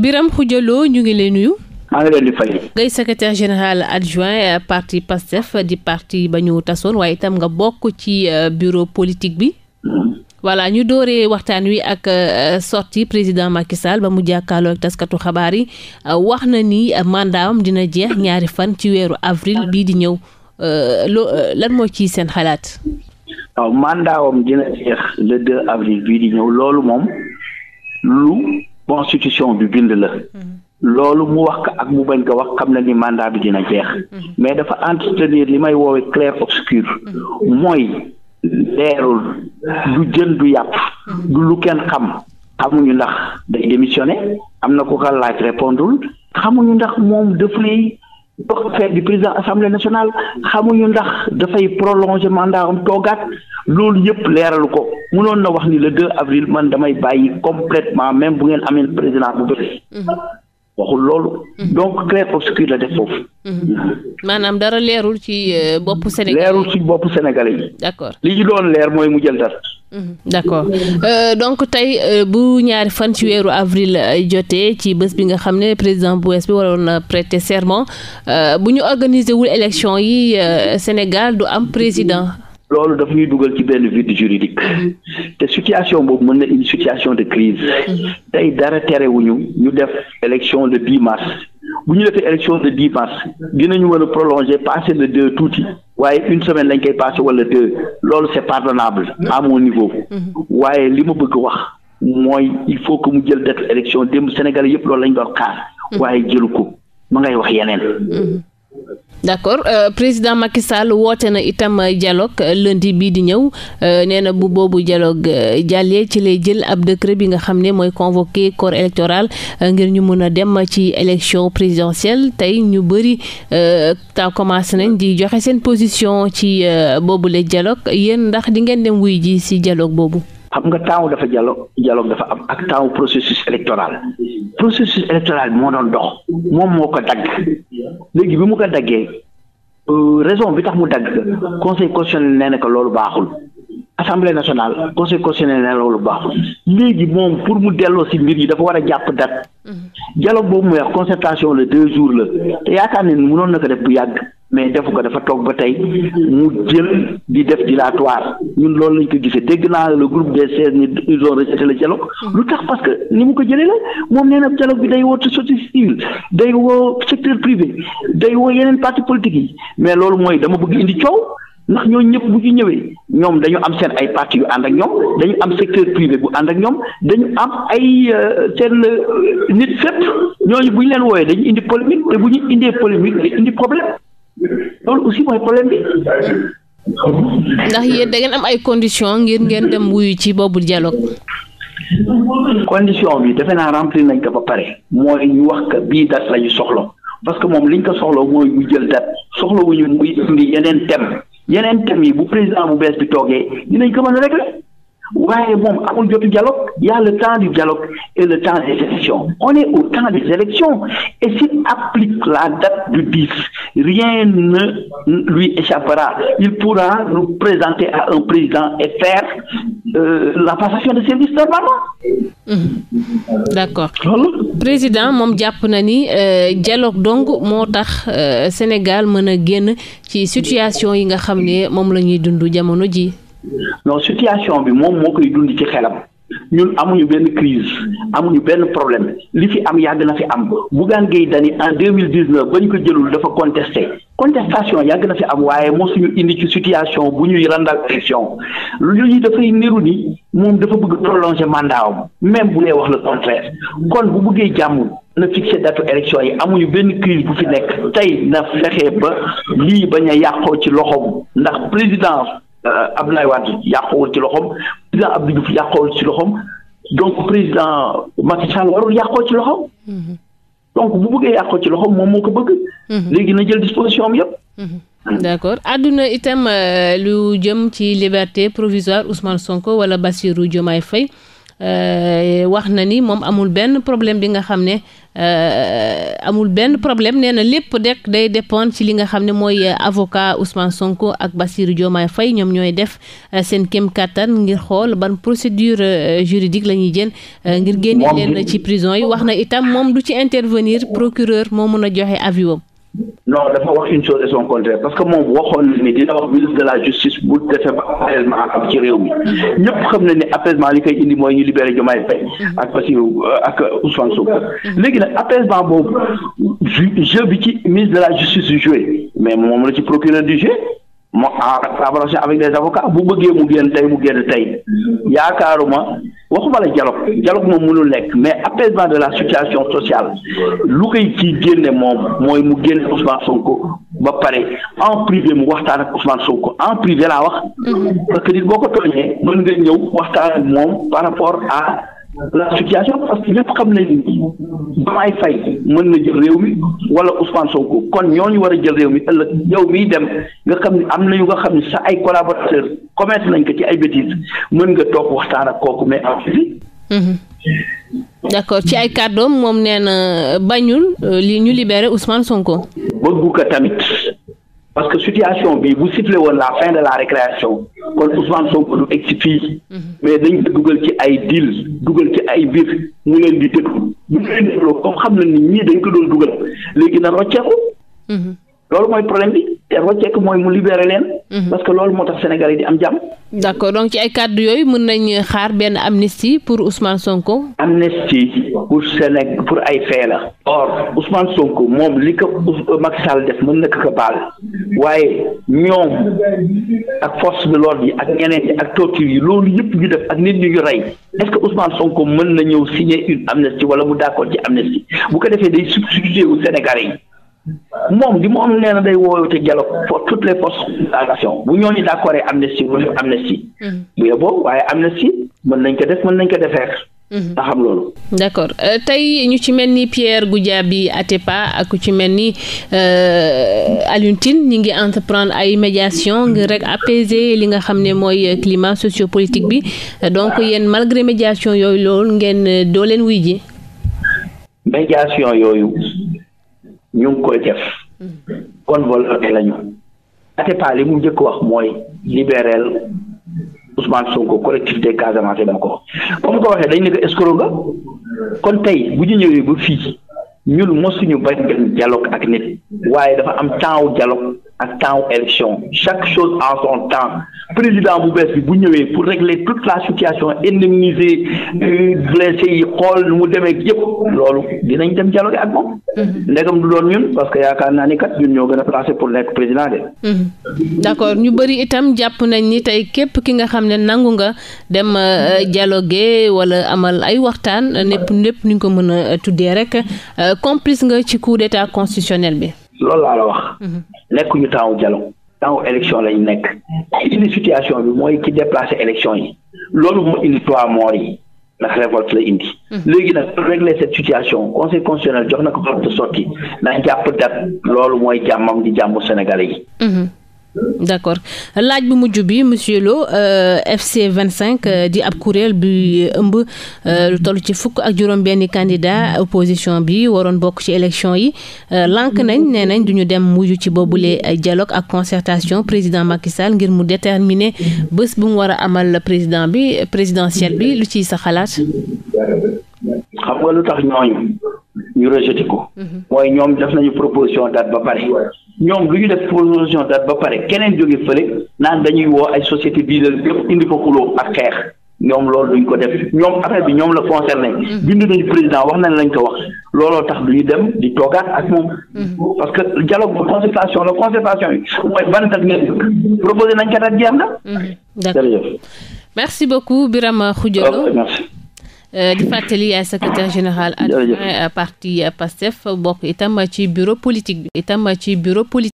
biram Khoudia ñu ngi lay nuyu. maa ngi leen di ngay secrétaire général adjoint parti PASTEF di parti ba ñu tasoon waaye itam nga bokk ci euh, bureau politique bi. Mm-hmm. voilà ñu dooree waxtaan wi ak euh, sorti président Macky Sall ba mu jàkkaaloo ak taskatu xabaar yi euh, wax na ni mandaawam dina jeex ñaari fan ci weeru avril bii di ñëw loo lan moo ci seen xalaat. waaw dina jeex avril bii di ñëw loolu moom constitution bi bind la loolu mu wax ko ak mu bañ ko wax xam na ni mandat bi dina jeex mais dafa entretenir li may woowe clair obscur mooy leerul du jën du yàpp du lu kenn xam xamuñu ndax day démissionné am na ko laaj répondul xamuñu ndax moom dafay dox faire du président assemblée nationale xamuñu ndax dafay prolonger mandat am toogaat loolu yëpp leeralu ko mënoon na wax ni la 2 avril man damay bàyyi complètement même bu ngeen amee président bu bëri. Mhm. waxul loolu. Mhm. donc clair obscur la def foofu. Mhm. maanaam dara leerul ci euh, boppu Sénégal leerul ci boppu Sénégalais yi. d'accord li ñu doon leer mooy mu jël dara. d' accord euh, donc tey euh, bu ñaari fan ci weeru avril euh, jotee ci bés bi nga xam ne président bu bees bi waroon na prêter serment euh, bu ñu organiser wul élection yi euh, Sénégal du am président. loolu daf ñuy dugal ci benn vide juridique te situation boobu mën na une situation de crise tey dara terewuñu ñu def élection le 10 mars bu ñu defee élection le 10 mars dinañu mën a prolonger passé le tuuti. waaye une semaine lañ koy passé wala deux loolu c'est pardonnable à mon niveau waaye li ma bëgg wax mooy il faut que mu jël date élection démb Sénégal yëpp loolu lañ doon xaar mm-hmm. waaye jëlu ko ma ngay wax yeneen mm-hmm. d' accord euh, président Macky Sall woote na itam dialogue euh, lundi bii di ñëw euh, nee na bu boobu dialogue euh, jàllee ci lay jël ab décret bi nga xam ne mooy convoqué corps électoral ngir ñu mun a dem ci élection présidentielle tey ñu bëri ta commencé nañ di joxe seen position ci boobu le dialogue yéen ndax di ngeen dem wuy ji si dialogue boobu. xam nga temps dafa dialogue dialogue dafa am ak temps processus électoral processus électoral moo doon dox moom moo ko dagg léegi bi mu ko daggee euh, raison bi tax mu dagg conseil constitutionnel nee na ko loolu baaxul assemblée nationale conseil constitutionnel nee na loolu baaxul léegi moom pour mu delloo si mbir yi dafa war a jàpp date mhm. dialogue boobu mu wax concertation la deux jours la te yaakaar ne ni mënoon na ko def bu yàgg mais defu ko dafa toog ba tey mu jël di def dilatoire ñun loolu lañ ko gisee dégg naa le groupe des seize ni ils ont rejeté le dialogue mm-hmm. lu tax parce que ni mu ko jëlee la moom nee na dialogue bi day woo société civile day woo secteur privé day woo yeneen parti politique yi mais loolu mooy dama bëgg indi coow ndax ñooñu ñëpp bu ñu ñëwee ñoom dañu am seen ay parti yu ànd ak ñoom dañu am secteur privé bu ànd ak ñoom dañu am ay euh, seen euh, nit fépp ñooñu bu ñu leen wooyee dañu indi polémique te bu indee polémique indi problème loolu aussi mooy problème bi. ndax yéen da am ay conditions ngir ngeen dem wuyu ci boobu dialogue. condition bi defe naa remplir nañ ko ba pare mooy ñu wax que bii date la ñu soxla parce que moom liñ ko soxla mooy ñu jël date soxla wu ñu muy indi yeneen thème yeneen thème yi bu président bu bees bi toogee dinañ ko mën a waaye moom amul jotu dialogue y a le temps du dialogue et le temps des élections on est au temps des élections et s'il applique la date du 10 rien ne lui échappera il pourra nous présenter à un président et faire euh, la passation de service normalement mmh. d'accord président moom jàpp na ni euh, dialogue donc moo tax euh, Sénégal mën a génn ci situation yi nga xam ne moom la ñuy dund jamono ji non situation bi moom moo koy dund ci xelam ñun amuñu benn crise amuñu benn problème li fi am yàgg na fi am Bougane Gueye Dany en deux mille dix neuf ba ñu ko jëlul dafa contesté contestation yàgg na fi am waaye moo indi ci situation bu ñuy randal élection lu ñu dafay niru ni moom dafa bëgg prolonger mandat am même bu dee wax la contraire kon bu bëggee jàmm na fixé datu élection yi amuñu benn crise bu fi nekk tey na lexee ba lii bañ a yàqoo ci loxoom ndax président Euh, Abdoulaye Wade yàqowul ci loxoom président Abdou Diouf yàqowul ci loxoom donc président Macky Sall warul yàqoo ci loxoom. Mhm. donc bu bëggee yàqoo ci loxoom moom moo ko bëgg. Mhm. léegi na jël disposition am mhm. d'accord àdduna itam euh, lu jëm ci liberté provisoire Ousmane Sonko wala Bassirou Diomaye fay euh, wax na ni moom amul benn problème bi nga xam ne. Euh, amul benn problème nee na lépp rek day dépendre ci li nga xam ne mooy euh, avocat Ousmane Sonko ak Bassirou Diomaye Faye ñoom ñooy def euh, seen kéem kattan ngir xool ban procédure juridique la ñuy jël ngir génne leen ci prison yi wax na itam moom du ci intervenir procureur moo mën a joxe avis non dafa wax une chose et son contraire parce que moom waxoon na ni dina wax ministre de la justice bu defee ba apaisement am ci réew mi ñëpp xam na ni apaisement li koy indi mooy ñu libéré Diomaye Faye ak Bassirou bi ci de la justice du joué mais mo abrocé ah, avec des avocats bu bëggee mu génn tey mu génn tey yaakaaruma waxuma la dialogue dialogue moom mënul nekk mais apaisement de la situation sociale lu koy ciy génne moom mooy mu génne Ousmane Sonko ba pare en privé mu waxtaan ak Ousmane Sonko en privé laa wax mhm. parce que nit boo ko tooñee mën nga ñëw waxtaan ak moom par rapport a la situation parce que xam nañu ni Diomaye Faye mën na jël réew mi wala Ousmane Sonko kon ñu war a jël réew mi ëllëg yow miy dem nga xam ni am nañu nga xam ni sa ay collaborateur commettre nañ ko ci ay bêtises mën nga toog waxtaan ak kooku mais am mhm. d' accord ci ay kàddoom moom nee na bañul euh, li ñu libéré Ousmane Sonko. bëggu ko tamit parce que situation bii bu sifflé woon la fin de la récréation kon Ousmane Sonko du egg mhm. mais dañ ko dugal ci ay diil dugal ci ay biir mu leen di déglu bu ñu comme xam na nit ñii dañ ko doon dugal léegi na rocceeku mhm. loolu mooy problème bi dafa cekk mooy mu libéré leen. Mhm. parce que loolu moo tax Sénégal yi di am jàmm. d' accord donc ci ay kàddu yooyu mën nañ xaar benn amnistie pour Ousmane Sonko. amnistie pour Sénégal pour ay fee la. or Ousmane Sonko moom li ko euh, Macky Sall def mën na ko ko baal waaye ñoom ak force de lool yi ak ñeneen yi ak torture yi loolu yëpp ñu def ak nit ñu ñu rey est ce que Ousmane Sonko mën na ñëw signer une amnistie wala mu d' accord ci amnistie bu ko defee day substituer wu yi. moom di moom nee na day woote dialogue pour toutes les forces de la nation bu ñooñu d'accord amnistie bu hmm. bu yóbboo waaye amnistie mën nañ ko def mën nañ ko defeer nga hmm. xam loolu d'accord euh, tey ñu ci mel ni Pierre Goudiaby Atepa ak ku ci mel nii euh, Alioune Tine ñi ngi entreprendre ay médiation ngir rek apaiser li nga xam ne mooy climat sociopolitique bi donc yéen malgré médiation yooyu loolu ngeen doo leen wuy ji médiation yooyu ñu koy def bonne volonté la ñu Atépa mu njëkk wax mooy libéral Ousmane Sonko collectivité Casamance dama ko wax ba mu ko waxee dañ ne ko nga kon tey bu ñu ñëwee ba fii ñun mosuñu bañ benn dialogue ak nit waaye dafa am temps wu ak temps élection chaque chose en son temps président bu bees bi bu ñëwee pour régler toute la situation indemniser euh, blessé yi xool nu mu demee yëpp loolu dinañ dem dialogue ak moom. Mhm. ndegam du doon ñun parce que yaakaar naa ni kat ñun ñoo gën a placé pour nekk président de. Mhm. d'accord ñu bëri itam jàpp nañ ni tey képp ki nga xam ne nangu nga dem euh, dialoguer wala amal ay waxtaan népp népp nu ñu ko mën a euh, tuddee rek complice nga ci coup d'état constitutionnel bi. loolu laa la wax. Mhm. nekkuñu temps wu dialogue temps wu élection lañ nekk. indi situation bi mooy ki déplacé élection yi loolu moo indi trois yi ndax révolte mhm. léegi nag pour régler cette situation conseil constitutionnel jox na ko porte de sortie na jàpp date loolu mooy jàmmam di jàmmu sénégal yi. Mhm. d' accord laaj bu mujj bi monsieur Lo euh, FC 25 euh, di ab kuréel bi ëmb euh, lu toll ci fukk ak juróom-benn candidat opposition bi waroon bokk ci élection yi lank nañ nee nañ du dem mujj ci boobule dialogue ak concertation président Macky ngir mu déterminer bés bu mu war a amal président bi présidentielle bi lu ciy sa xalaat. xam nga lu tax ñooñu ñu rejeté ko. Mhm. mooy ñoom def nañu proposition date ba pare ñoom lu ñu def proposition date ba pare keneen jóge fële naan dañuy woo ay société bii la yëpp indi ko xuloo ak xeex ñoom loolu duñ ko def ñoom affaire bi ñoom la concerné mhm. bind nañu président wax nañ lañ ko wax looloo tax du ñu dem di toogaat ak moom. Mhm. parce que dialogue ba concertation la concertation yi mooy ban date ngeen dëkk proposé nañ ko date jeex na. merci beaucoup Birame Khoudialo. merci. Euh, di fàttali yaay euh, secrétaire général adjoint parti euh, PASTEF bokk itam ci bureau politique bi itam ci bureau politique